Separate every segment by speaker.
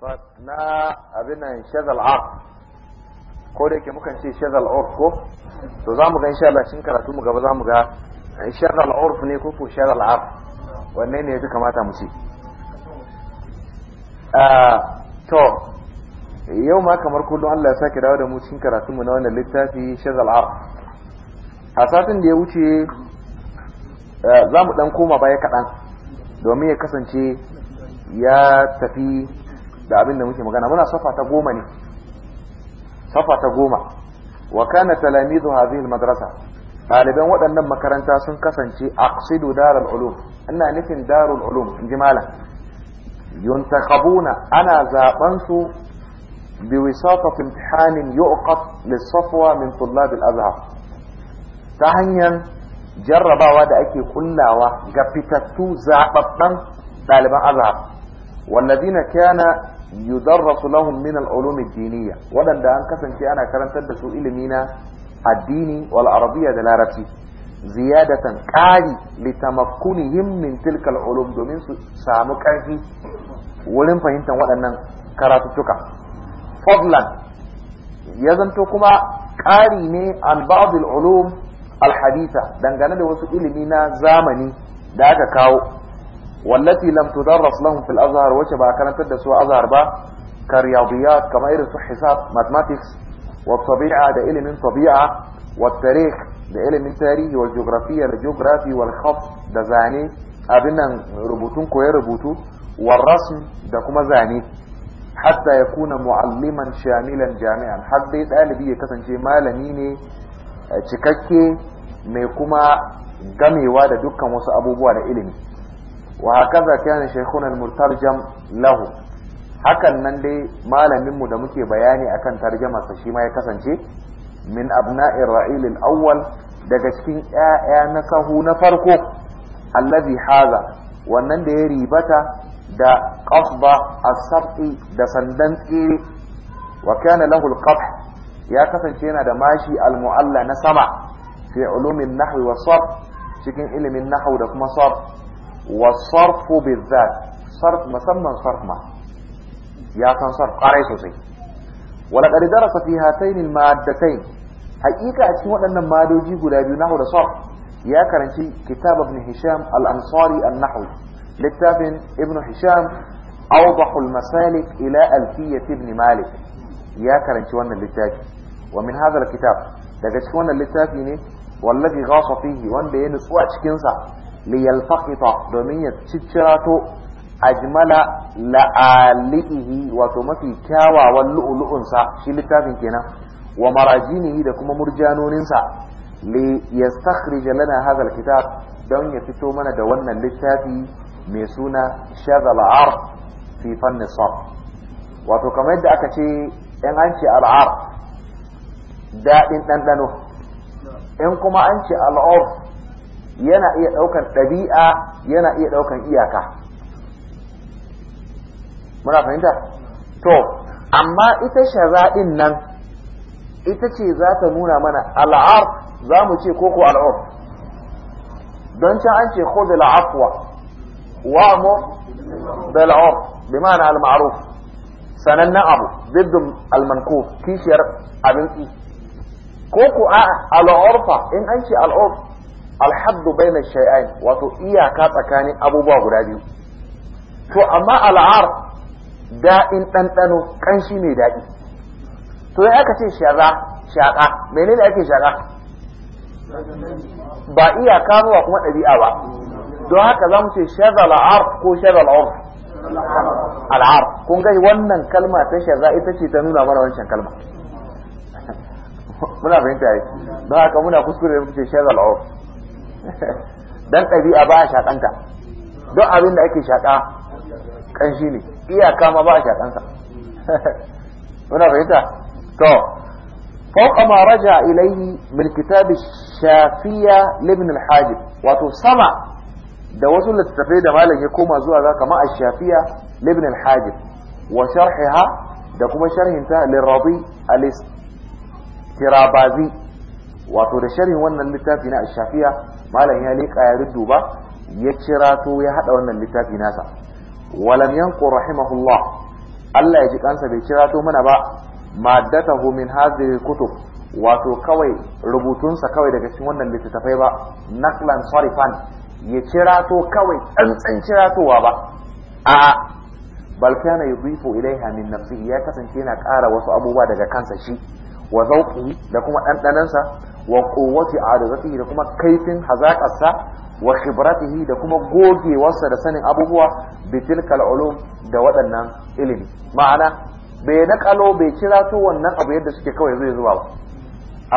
Speaker 1: na abin nan shazal arf ko da yake mukan ce shazal urf ko to za mu ga insha Allah cikin karatu mu gaba za mu ga eh, shazal urf ne ko ko shazal arf wanne ne yafi kamata mu ce ah, to yau ma kamar kullum Allah ya sake dawo da mu cikin karatu mu na wannan littafi shazal arf a satin da ya wuce eh, za mu dan koma baya kaɗan domin ya kasance ya tafi da abin da muke magana muna safa ta goma ne safa ta goma wa kana talamizu hadhihi almadrasa taliban waɗannan makaranta sun kasance aqsidu darul ulum ina nufin darul ulum inji malam yuntakabuna ana zaban su bi بوساطة امتحان min للصفوة alazhar ta hanyar jarrabawa da ake kullawa ga fitattu zababban daliban azhar والذين كان yudarrasu lahum min al-ulum ad-diniyya wadanda an kasance ana karantar da su ilimi na addini wal arabiyya da larabci ziyadatan qali litamakkunihim min tilka al-ulum domin su samu karfi wurin fahimtar waɗannan karatuttuka fadlan ya zanto kuma ƙari ne an ba'd al-ulum al-haditha dangane da wasu ilimi na zamani da aka kawo wallati lam tudarras lahum fil azhar wace ba karantar da su azhar ba ka riyadiyat kama irin su hisab mathematics wa tabi'a da ilimin tabi'a wa tarikh da ilimin tarihi wa geography da geography wal khat da zane abin nan rubutun koyar rubutu wal rasm da kuma zane hatta ya kuna mu'alliman shamilan jami'an har dai ɗalibi ya kasance malami ne cikakke mai kuma gamewa da dukkan wasu abubuwa da ilimi wa hakaza kana shaykhuna al-mutarjam lahu hakan nan dai malamin mu da muke bayani akan tarjamarsa shi ma ya kasance min abna'ir ra'il al-awwal daga cikin ƴaƴa nasahu na farko allazi haza wannan da ya ribata da qasba as-sabti da sandan tsire wa kana lahu ya kasance yana da mashi al-mu'alla na sama fi ulumin nahwi wa sarf cikin ilimin nahwu da kuma sarf والصرف بالذات صرف مسمى صرف ما يا كان صرف قارئ سوسي ولقد درس في هاتين المادتين حقيقة أتشين ما دوجي قلابي نحو لصرف يا كرنتي كتاب ابن هشام الأنصاري النحوي لكتاب ابن هشام أوضح المسالك إلى ألفية ابن مالك يا كرنتي وأن اللتاج ومن هذا الكتاب لقد شكونا اللتاج يعني والذي غاص فيه وأن بين سواء شكنسا liyalfaqita domin ya ciccirato ajmala la'alihi wato mafi kyawawan lu'ulu'unsa shi littafin kenan wa marajinihi da kuma murjanoninsa li yastakhrij lana hadha alkitab don ya fito mana da wannan littafi mai suna shadal ar fi fanni sarf wato kamar yadda aka ce in an ce al'ar daɗin ɗanɗano in kuma an ce al'urf yana iya daukar dabi'a yana iya daukar iyaka muna fahimta to amma ita shaza'in nan ita ce za ta nuna mana al'ar za mu ce koko al'ur don can an ce khudh al'afwa wa mu bil urf bi ma'ana al ma'ruf sanannen abu diddun al mankuf kishiyar abin ko ko a al'urfa in an ce al'urf alhaddu bainar shay'ain wato iyaka tsakanin abubuwa guda biyu to amma al'ar da'in ɗanɗano ƙanshi mai daɗi to ya aka ce shaza shaƙa menene ake shaƙa ba iyaka ba kuma ɗabi'a ba don haka za mu ce shaza al'ar ko shaza al'ar al'ar kun gai wannan kalma ta shaza ita ce ta nuna mana wancan kalma muna fahimta ya yi don haka muna kuskure da muke shaza al'ar dan ɗabi'a ba a shakanta don abin da ake shaƙa ƙanshi ne iyaka ma ba a shaƙansa muna fahimta to fauka ma raja ilaihi min kitabi shafiya libn al wato sama da wasu littattafai da malam ya koma zuwa ga kama a shafiya libn al wa sharhiha da kuma sharhinta lirabi al-istirabazi wato da sharhin wannan littafi na shafiya malam ya leƙa ya ba ya kira to ya haɗa wannan littafi nasa walam yanqu rahimahullah Allah ya ji kansa bai kira to mana ba maddatahu min hadhihi kutub wato kawai rubutunsa kawai daga cikin wannan littafai ba naklan sarifan ya kira to kawai tsantsan kiratowa ba a bal kana yudhifu ilaiha min nafsihi ya kasance yana ƙara wasu abubuwa daga kansa shi wa zauki da kuma ɗanɗanansa wa ƙowati arzatihi da kuma kaifin hazaƙarsa wa khibratihi da kuma gogewarsa da sanin abubuwa bitilkal ulum da waɗannan ilimi ma'ana bai naƙalo bai kira to wannan abu yadda suke kawai zai zuwa ba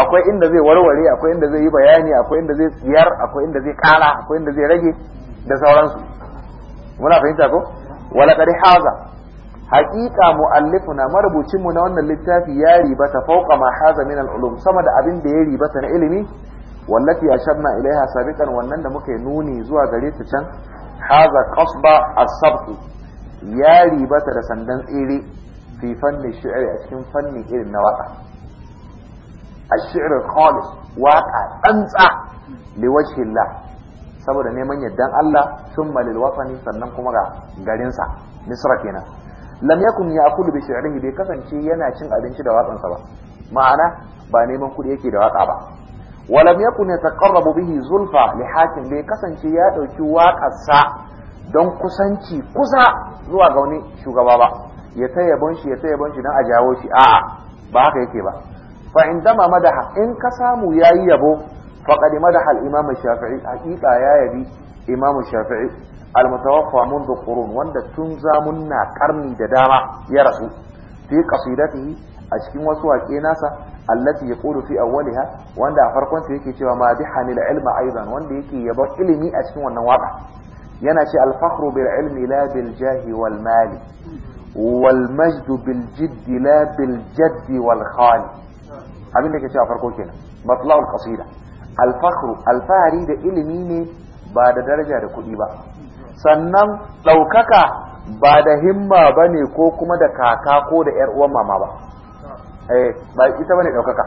Speaker 1: akwai inda zai warware akwai inda zai yi bayani akwai inda zai tsiyar akwai inda zai ƙara akwai inda zai rage da sauransu muna fahimta ko wala qad haza haƙiƙa mu'allifuna marubucin mu na wannan littafi ya ta fauqa ma haza min al-ulum sama da abin da ya riba ta na ilimi wallati ashabna ilaiha sabiqan wannan da muka nuni zuwa gare ta can haza qasba as-sabt ya riba ta da sandan tsere fi fanni shi'ri a cikin fanni irin na waka ash-shi'r khalis waka tsantsa wajhi Allah saboda neman yaddan Allah sun lil wafani sannan kuma ga garinsa misra kenan lam yakun yaqulu bi shi'rihi bai kasance yana cin abinci da watsansa ba ma'ana ba neman kudi yake da waka ba lam yakun yataqarrabu bihi zulfa li hakim bai kasance ya dauki waƙarsa don kusanci kusa zuwa ga wani shugaba ba ya taya yabon shi ya taya shi a jawo shi a'a ba haka yake ba fa indama madaha in ka samu yayi yabo faqad madaha al-imam shafi'i haqiqa ya yabi imam shafi'i almutawaffa mundu qurun wanda tun zamunna karni da dama ya rasu fi qasidatihi a cikin wasu waƙe nasa allati yaqulu fi awwaliha wanda a farkon sa yake cewa ma bihanil ilma aidan wanda yake yaba ilimi a cikin wannan waka yana ce al-fakhru bil ilmi la bil jahi wal mali wal majdu bil la bil wal khali abin da yake cewa farko kenan matla'ul qasida al-fakhru al-fahri da ilimi ne ba da daraja da kuɗi ba sannan ɗaukaka ba da himma ba ne ko kuma da kaka ko da ‘yar uwan mama ba eh, ba ita ba ne ɗaukaka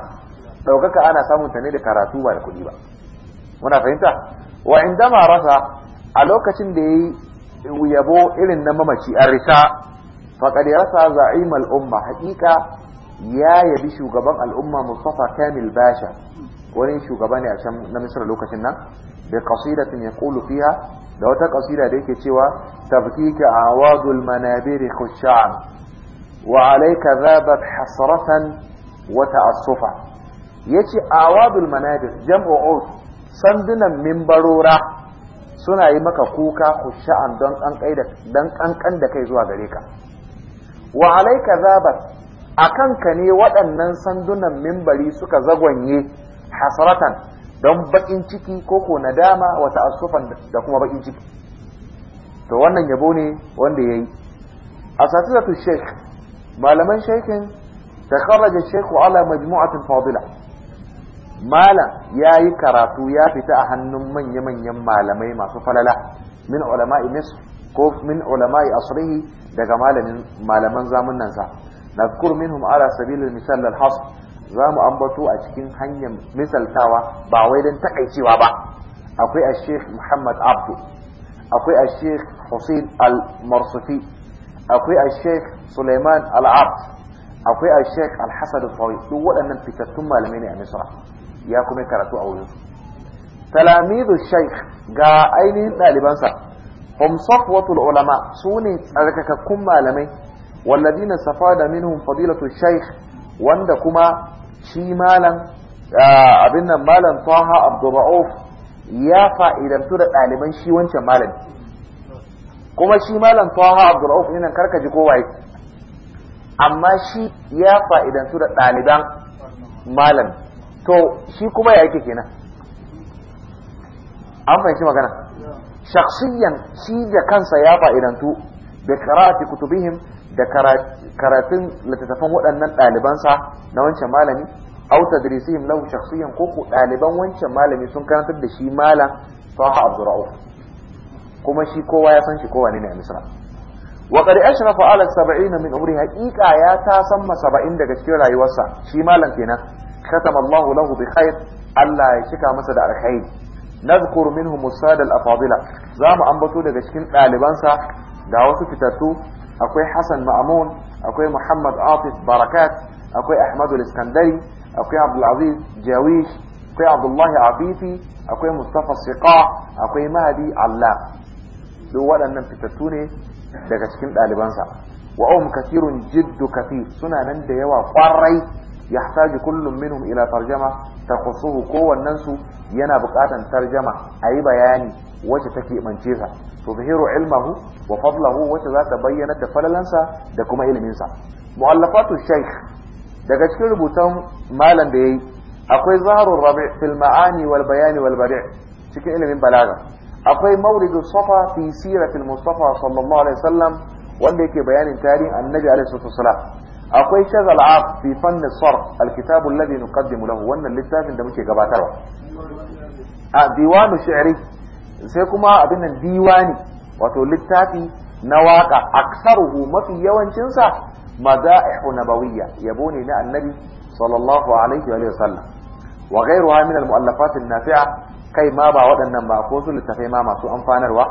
Speaker 1: ɗaukaka ana samun ta ne da karatu ba da kuɗi ba muna fahimta wa inda rasa a lokacin da ya yi yabo irin na mamaci an risa faƙaɗe rasa za'imal al'umma haƙiƙa ya yabi shugaban al'umma mustafa kamil basha wani shugaba ne a can na misra lokacin nan da ya kulu fiya. da wata qasida da yake cewa tabkika awadul manabir khushan wa alayka dhabat hasratan wa ta'assufa yace awadul manabir jam'u ud sandunan mimbarora suna yi maka kuka khushan don kankai da dan kankan da kai zuwa gare ka wa alayka dhabat akan ka ne waɗannan sandunan mimbari suka zagwanye hasratan don baƙin ciki ko ko nadama wa ta'assufan da kuma baƙin ciki to wannan yabo ne wanda yayi asatidatu sheikh malaman sheikhin takharraja sheikh ala majmu'atin fadila malam yayi karatu ya fita a hannun manya-manyan malamai masu falala min ulama'i misr ko min ulama'i asrihi daga malamin malaman zamanin sa minhum ala sabilil misal al za mu ambato a cikin hanyar misaltawa ba wai don takaicewa ba akwai a sheikh muhammad abdu akwai a sheikh hussein al-marsufi akwai a sheikh suleiman al-abd akwai a sheikh al-hassan al duk waɗannan fitattun malamai ne a misra ya kuma karatu a wurin. talamizu sheikh ga ainihin ɗalibansa hum safwatul ulama su ne tsarkakakkun malamai safa da منهم Fadilatu الشيخ wanda kuma shi malam ah, abin nan malam taha abdurra'uf ya fa'idantu da ɗaliban shi wancan malam kuma shi malam taha abdurra'uf ne nan ko kowa amma shi ya fa'idantu da ɗaliban malam to shi kuma ya yake kenan an fahimci magana shaksiyan shi da kansa ya fa'idantu da qira'ati kutubihim da karatun littattafan waɗannan ɗalibansa na wancan malami aw tadrisihim lahu shakhsiyan ko ko ɗaliban wancan malami sun karantar da shi malam Taha Abdurrauf kuma shi kowa ya san shi kowa ne a Misra wa qad ashrafa ala 70 min umri haqiqa ya ta san ma 70 daga cikin rayuwarsa shi malam kenan katama Allahu lahu bi khair Allah ya cika masa da alkhair nadhkuru minhum musada al afadila za mu ambato daga cikin ɗalibansa ga wasu fitattu akwai Hassan Ma'amun akwai Muhammad Afis Barakat akwai Ahmadu Iskandari akwai Abdulaziz Jawish akwai Abdullahi Afifi akwai Mustafa Siqa akwai Mahdi Allah duk waɗannan fitattu ne daga cikin ɗalibansa wa um kathirun jiddu kathir suna nan da yawa kwarai yahtaju kullum minhum ila tarjama takhussuhu kowannen su yana buƙatan tarjama ayi bayani wacce take mance sa tuzhiru ilmahu wa fadlahu wacce za ta bayyana da falalansa da kuma ilimin sa mu'allafatu shaykh daga cikin rubutan malam da yayi akwai zaharur rabi' fil ma'ani wal bayani wal bari' cikin ilimin balaga akwai mawridu safa fi siratil mustafa sallallahu alaihi wasallam wanda yake bayanin tarihin annabi alaihi wasallam akwai shagal a fi fannin sar alkitabu alladhi nuqaddimu lahu wannan littafin da muke gabatarwa a diwanu shi'ri sai kuma abin nan diwani wato littafi na waka aksaruhu mafi yawancin sa madaihu nabawiyya yabo ne na annabi sallallahu alaihi wa sallam wa ghayruha min almu'allafat an-nafi'a kai ma ba waɗannan ba ko su littafai ma masu amfanarwa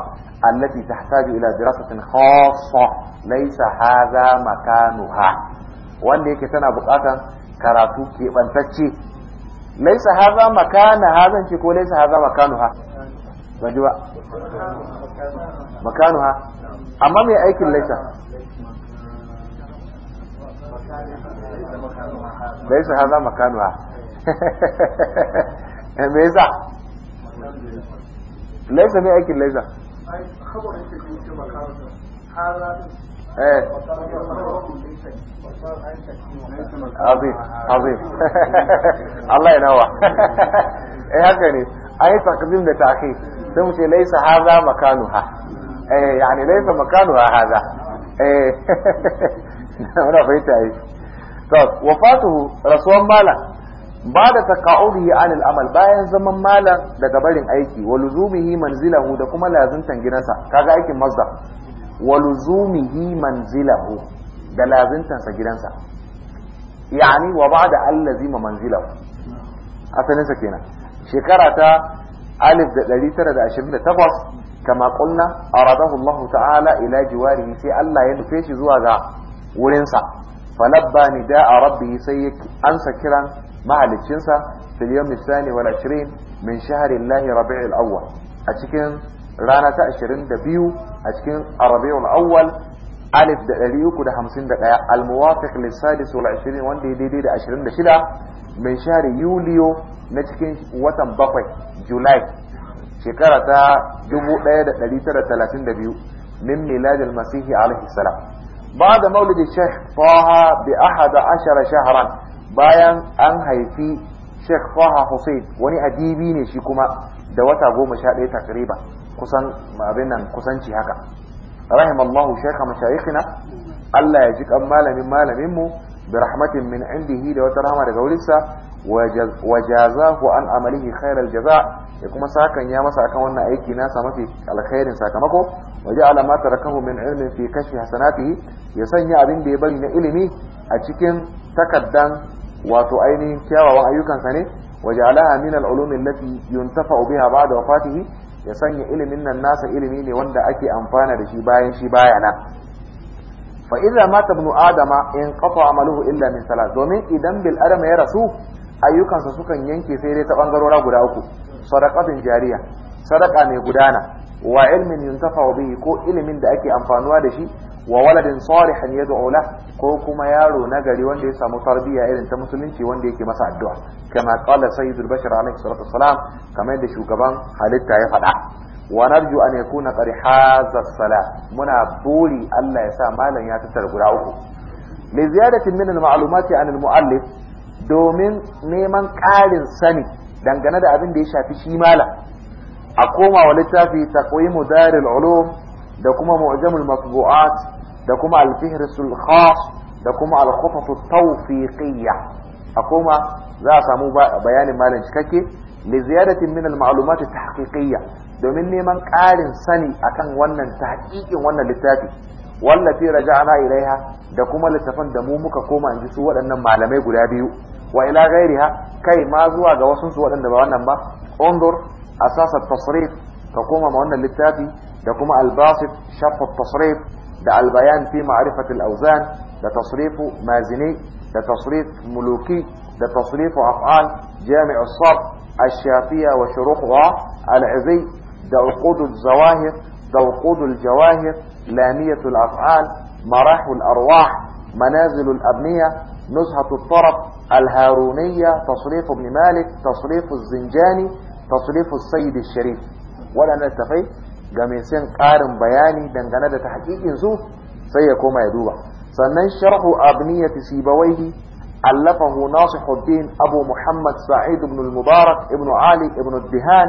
Speaker 1: allati tahtaju ila dirasatin khassa laysa hadha makanuha wanda yake tana buƙatan karatu keɓantacce laisa haza makana hazan ce ko laisa haza makanu ha ba ji ba
Speaker 2: makanu ha amma mai aikin laisa laisa haza
Speaker 1: makanu ha me laisa mai aikin laisa
Speaker 2: ايه عظيم عظيم الله ينوع ايه
Speaker 1: هكذا مالا ba da taka'udihi eh, eh. anil amal bayan zaman malam daga barin aiki wa luzumihi manzilahu da kuma lazimtan gidansa kaga aikin mazda wa luzumihi manzilahu da lazimtansa gidansa yani wa ba'da allazima manzilahu asalinsa kenan shekara ta 1928 kama qulna aradahu Allah ta'ala ila jiwarihi sai Allah ya nufe shi zuwa ga wurinsa falabba nida'a rabbi sai ya ansa kiran mahaliccinsa fil yawm al-thani wal 20 min shahri Allah rabi'ul a cikin rana ta 22 a cikin Rabiul awal alif da 351 al-muwafiq lis-sadis wal 20 wanda ya daidai da 26 min shahri yuliyo na cikin watan bakwai July shekara ta 1932 min miladil masihi alaihi salam بعد مولد الشيخ طه بأحد عشر شهرا bayan an haifi Sheikh Faha Hussein wani adibi ne shi kuma da wata goma sha ɗaya takriban kusan abin nan kusanci haka rahimallahu shaykha mashayikhina Allah ya ji kan malamin malamin mu bi rahmatin min indihi da wata rahama daga wurinsa wa jazahu an amalihi khairal jaza ya kuma sakan ya masa akan wannan aiki nasa mafi alkhairin sakamako wa ja'ala ma tarakahu min ilmin fi kashfi hasanatihi ya sanya abin da ya bari na ilimi a cikin takaddan wato ainihin kyawawan ayyukansa ne wa ja'alaha min al-ulum allati yuntafa'u biha ba'da wafatihi ya sanya ilimin nan nasa ilimi ne wanda ake amfana da shi bayan shi baya nan fa idza mata ibnu adama in qata amaluhu illa min salat domin idan bil adam ya rasu ayyukansa sukan yanke sai dai ta bangarora guda uku sadaqatin jariya sadaka mai gudana wa ilmin yuntafa bihi ko ilimin da ake amfanuwa da shi wa waladin salihan yad'u la ko kuma yaro nagari wanda ya samu tarbiyya irin ta musulunci wanda yake masa addu'a kama qala sayyidul bashar alaihi salatu wassalam kamar yadda shugaban halitta ya faɗa wa narju an yakuna qad haza sala muna buri Allah ya sa malam ya tattara guda uku li ziyadatin min al ma'lumati an al muallif domin neman ƙarin sani dangane da abin da ya shafi shi malam a koma wa littafi taqwimu daril ulum da kuma mu'jamul matbu'at da kuma al-fihrisul khas da kuma al-khutasut tawfiqiyya a koma za a samu bayanin malam cikakke li ziyadatin min al-ma'lumat tahqiqiyya domin neman ƙarin sani akan wannan tahqiqin wannan littafi wallafi raja'na ilaiha da kuma littafan da mu muka koma in ji su waɗannan malamai guda biyu wa ila gairiha kai ma zuwa ga wasu su waɗanda ba wannan ba undur أساس التصريف تقوم مهن للتافي تقوم الباسط شرح التصريف ده البيان في معرفة الأوزان ده تصريف مازني ده تصريف ملوكي ده تصريف أفعال جامع الصرف الشافية وشروحها العزي ده عقود الزواهر ده عقود الجواهر لامية الأفعال مراح الأرواح منازل الأبنية نزهة الطرف الهارونية تصريف ابن مالك تصريف الزنجاني تصريف السيد الشريف ولا نستفي سن قارن بياني دنجنة تحقيق انزو سيكوما يدوبا سنن شرح ابنية سيبويه ألفه ناصح الدين أبو محمد سعيد بن المبارك ابن علي ابن الدهان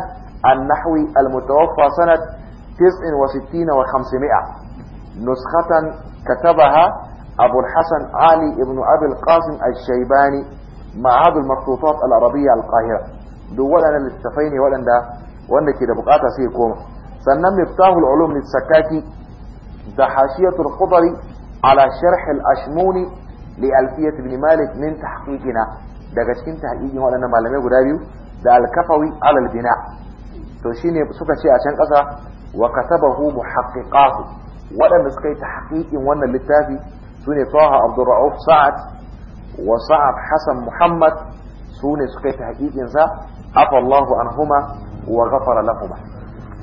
Speaker 1: النحوي المتوفى سنة 69 و500 نسخة كتبها أبو الحسن علي ابن أبي القاسم الشيباني معاد المخطوطات العربية القاهرة duk waɗannan littafai ne waɗanda wanda ke da bukata sai koma sannan miftahul ulum lissakaki da hashiyatul khudari ala sharh al-ashmuni li alfiyat ibn malik min tahqiqina daga cikin tahqiqin waɗannan malamai guda biyu da al-kafawi ala al-bina to shine suka ce a can kasa wa katabahu muhaqqiqahu waɗanda suka yi tahqiqin wannan littafi sune Taha rauf Sa'ad wa Sa'ad hasan Muhammad sune suka yi tahqiqin sa Afa afallahu anhuma wa ghafara lahuma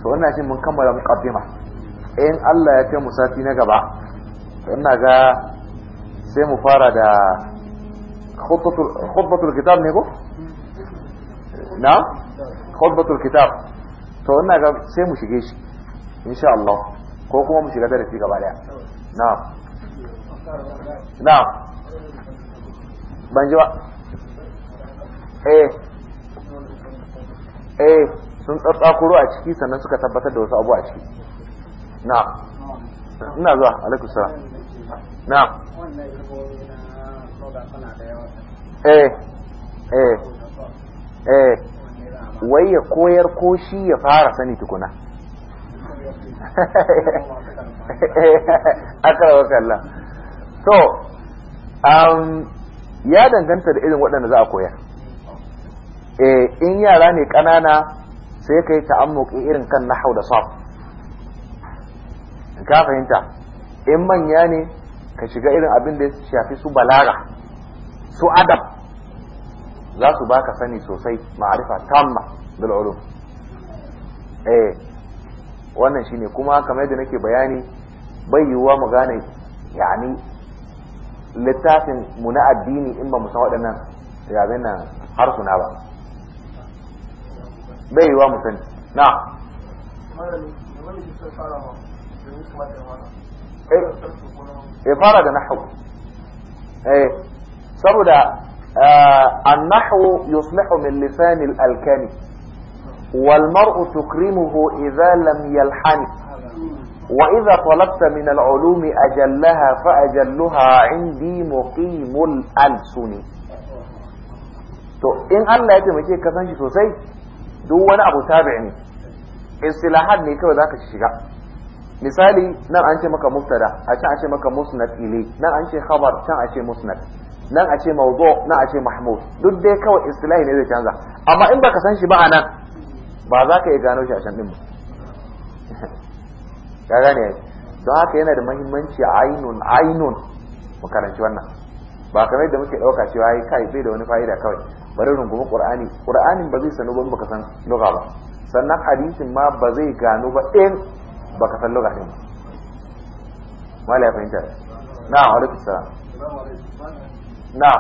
Speaker 1: to ina shi mun kammala muqaddima in Allah ya ce mu sati na gaba ina ga sai mu fara da khutbatul khutbatul kitab ne ko na khutbatul kitab to ina ga sai mu shige shi insha Allah ko kuma mu shiga darasi gaba daya na. Na. ban ji ba eh eh sun tsatsakuro a ciki sannan suka tabbatar da wasu abu a ciki na ina zuwa alaikusa na eh eh eh wai ya koyar ko shi ya fara sani tukuna akara wakalla so um, ya danganta da irin waɗanda za a koyar eh in yara ne ƙanana sai ka kai ta'ammuki irin kan nahau da saf ka fahimta in manya ne ka shiga irin abin da ya shafi su balaga su adam, za su baka sani sosai ma'arifa tamma da ulum eh wannan shine kuma kamar yadda nake bayani bai yiwuwa mu gane yani littafin mu na addini in ba mu san waɗannan yabe nan harsuna ba bai yiwa mu sani na ya fara da nahu eh saboda annahu yuslihu min lisan al-alkani wal mar'u tukrimuhu idza lam yalhani وإذا طلبت من العلوم أجلها فأجلها عندي مقيم الألسن to in Allah ya taimake ka san shi sosai duk wani abu tabi'i ne istilahat ne kawai zaka shiga misali nan an ce maka mubtada a can a ce maka musnad ile nan an ce khabar can a ce musnad nan a ce mawdu nan a ce mahmud duk dai kawai istilahi ne zai canza amma in baka san shi ba anan ba za ka iya gano shi a can din ba ka gane don haka yana da muhimmanci ainun ainun mu karanci wannan ba kamar da muke dauka cewa ai kai bai da wani fa'ida kawai bari rungumi qur'ani qur'anin ba zai sanu ba baka san lugha ba sannan hadisin ma ba zai gano ba ɗin baka san lugha din mala ya fahimta na alaikum salam na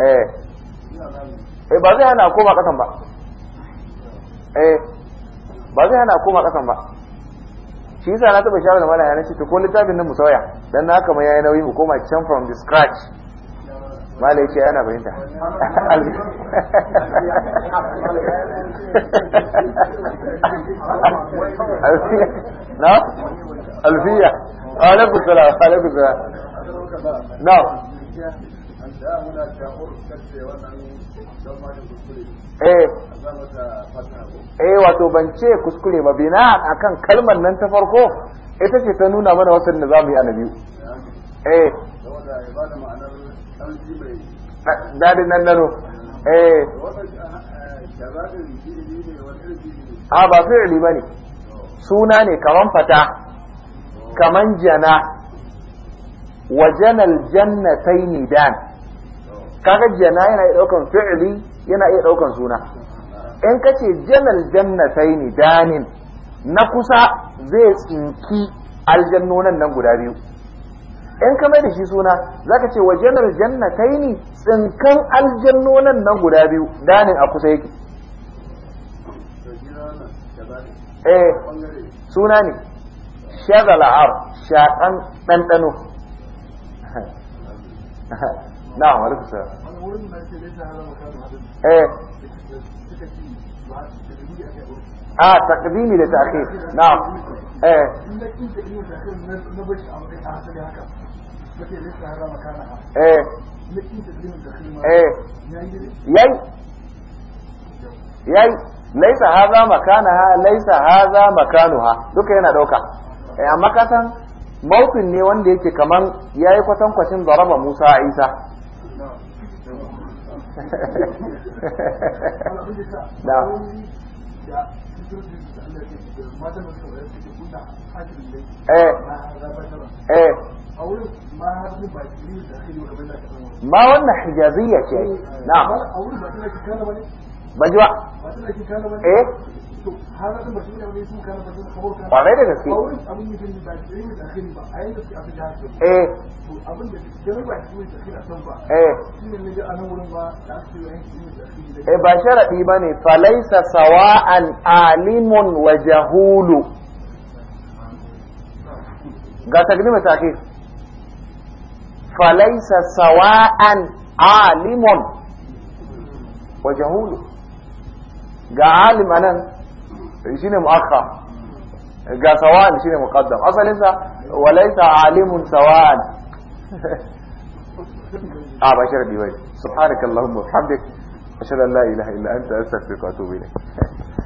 Speaker 1: eh eh ba zai hana koma kasan ba eh ba zai hana koma kasan ba shi yasa na taba shawara da malaya na ce to ko littafin nan musawaya dan na kama yayi nauyi mu koma can from the scratch mala ya ce yana fahimta
Speaker 2: na alfiya alaikun salam alaikun salam na eh eh
Speaker 1: wato ban ce kuskure ba bina akan kalmar nan ta farko ita ce ta nuna mana wasu da za mu yi a na biyu eh dadin nan nano eh a ah, ba fi'ili bane suna ne kaman fata kaman jana wa janal jannatayn dan kaga jana yana iya daukan fi'ili yana iya daukan suna in kace janal jannatayn danin na kusa zai tsinki aljannonan nan guda biyu in ka mai da shi suna za ka ce wajenar ne tsinkan aljannonan nan guda biyu ganin a kusa yake eh suna ne shagala'ar shaƙan ɗanɗano na wani kusa
Speaker 2: eh a takdimi ah, da ta'khir eh. na eh eh eh
Speaker 1: yayi yayi laisa haza makanaha laisa haza makanuha duka yana dauka eh amma ka san ne wanda yake kaman yayi kwatan kwacin zaraba Musa Isa
Speaker 2: da eh eh, eh. ma
Speaker 1: wannan hijaziyya ce na ba ji ba
Speaker 2: eh kwarai da gaske eh eh ba sharaɗi
Speaker 1: ba ne falaisa sawa'an alimun wa jahulu ga takdimin mai فليس سواء عالم وجهول جاء عالم أنا شيء مؤخر جاء سواء شيء مقدم أصلا ليس وليس عالم سواء آه بشر بيوي سبحانك اللهم وبحمدك أشهد أن لا إله إلا أنت أستغفرك وأتوب إليك